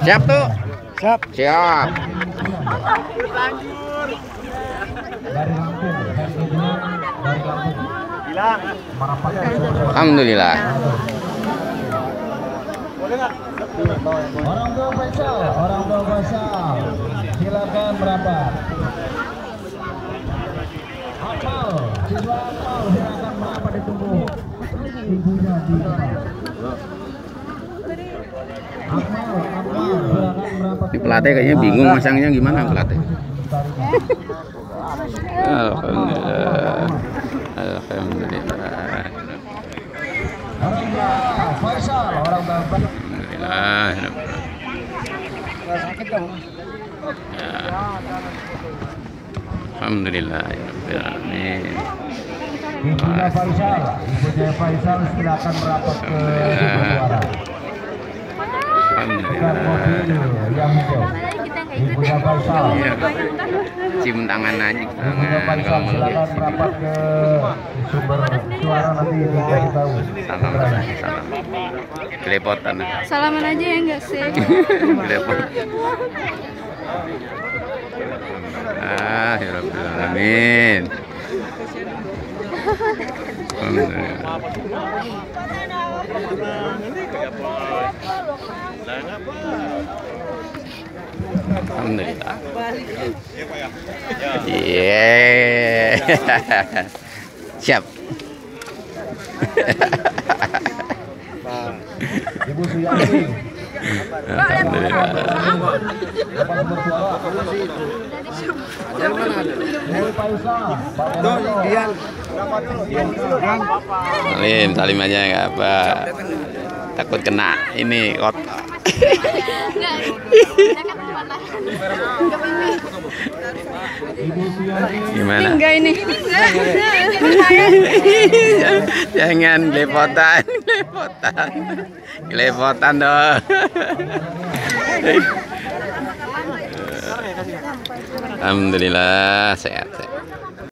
Siap tuh? Siap. Siap. Alhamdulillah. Orang tua pasal, orang tua pasal. Silakan merapat. Akal, siswa akal silakan merapat ditunggu. Ibunya di Di pelatih kayaknya bingung nah, masangnya nah. gimana pelatih. Alhamdulillah. Alhamdulillah. Alhamdulillah. Alhamdulillah. Alhamdulillah. Alhamdulillah Faisal, Alhamdulillah Faisal silakan ke Alhamdulillah Cium tangan aja tangan kalau mau lihat sini. Salam salam. Kelepotan. Salaman aja ya enggak sih? Kelepot. Ah, ya Rabbil Alamin. Alhamdulillah. Alhamdulillah. Yeah. Siap. Alhamdulillah. Salim, salim aja nggak apa takut kena ini kotak gimana enggak ini jangan lepotan lepotan lepotan dong Alhamdulillah sehat, sehat.